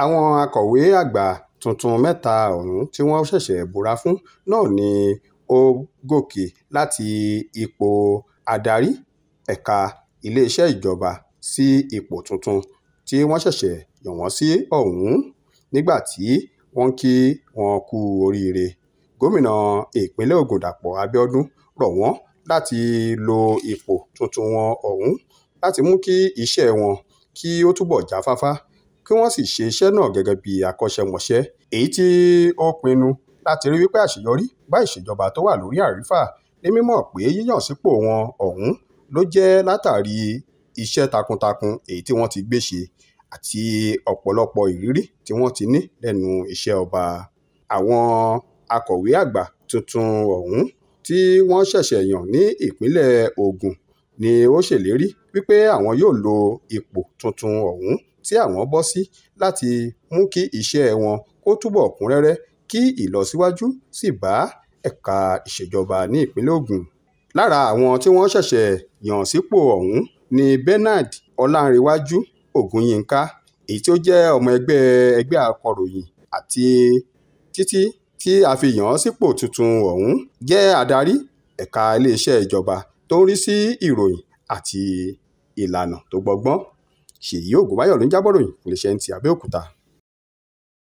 àwọn akọ̀wé àgbà tuntun mẹ́ta ọ̀hún tí wọ́n ṣẹ̀ṣẹ̀ búra fún náà ni ó gòkè láti ipò adarí ẹ̀ka iléeṣẹ́ ìjọba sí ipò tuntun tí wọ́n ṣẹ̀ṣẹ̀ yàn wọ́n sí ọ̀hún nígbà tí wọ́n ń kí wọn kú oríire gómìnà ìpínlẹ̀ Ògùn Dàpọ̀ Abíọ́dún rọ̀ wọ́n láti lo ipò tuntun wọn ọ̀hún láti mú kí iṣẹ́ wọn kí ó túbọ̀ jáfáfá kí wọ́n sì ṣe iṣẹ́ náà gẹ́gẹ́ bí akọ́ṣẹ́mọṣẹ́ èyí tí ó pinnu láti rí wípé àṣeyọrí bá ìṣèjọba tó wà lórí àrífà ní mímọ̀ pé yíyàn sípò wọn ọ̀hún ló jẹ́ látàrí iṣẹ́ takuntakun èyí tí wọ́n ti gbé ṣe àti ọ̀pọ̀lọpọ̀ ìrírí tí wọ́n ti ní lẹ́nu iṣẹ́ ọba àwọn akọ̀wé àgbà tuntun ọ̀hún tí wọ́n ṣẹ̀ṣẹ̀ yàn ní ìpínlẹ̀ Ògùn ni ó ṣèlérí wípé àwọn yóò lo ipò tuntun ọ̀hún tí àwọn bọ́ sí láti mú kí iṣẹ́ wọn kó túbọ̀ kún rẹ́rẹ́ kí ìlọsíwájú sì bá ẹ̀ka ìṣèjọba ní ìpínlẹ̀ Ògùn lára àwọn tí wọ́n ṣẹ̀ṣẹ̀ yàn sípò ọ̀hún ni Bernard Ọlárìnwájú Ògúnyínká èyí tí ó jẹ́ ọmọ ẹgbẹ́ ẹgbẹ́ akọ̀ròyìn àti títí tí a fi yàn án sípò tuntun ọ̀hún jẹ́ adarí ẹ̀ka iléeṣẹ́ ìjọba tó ń rí sí ìròyìn àti ìlànà tó gbọgbọ́n ṣèyí ògùnbáyọ̀ ló ń jábọ̀ ròyìn fún iléeṣẹ́ NTA Abẹ́òkúta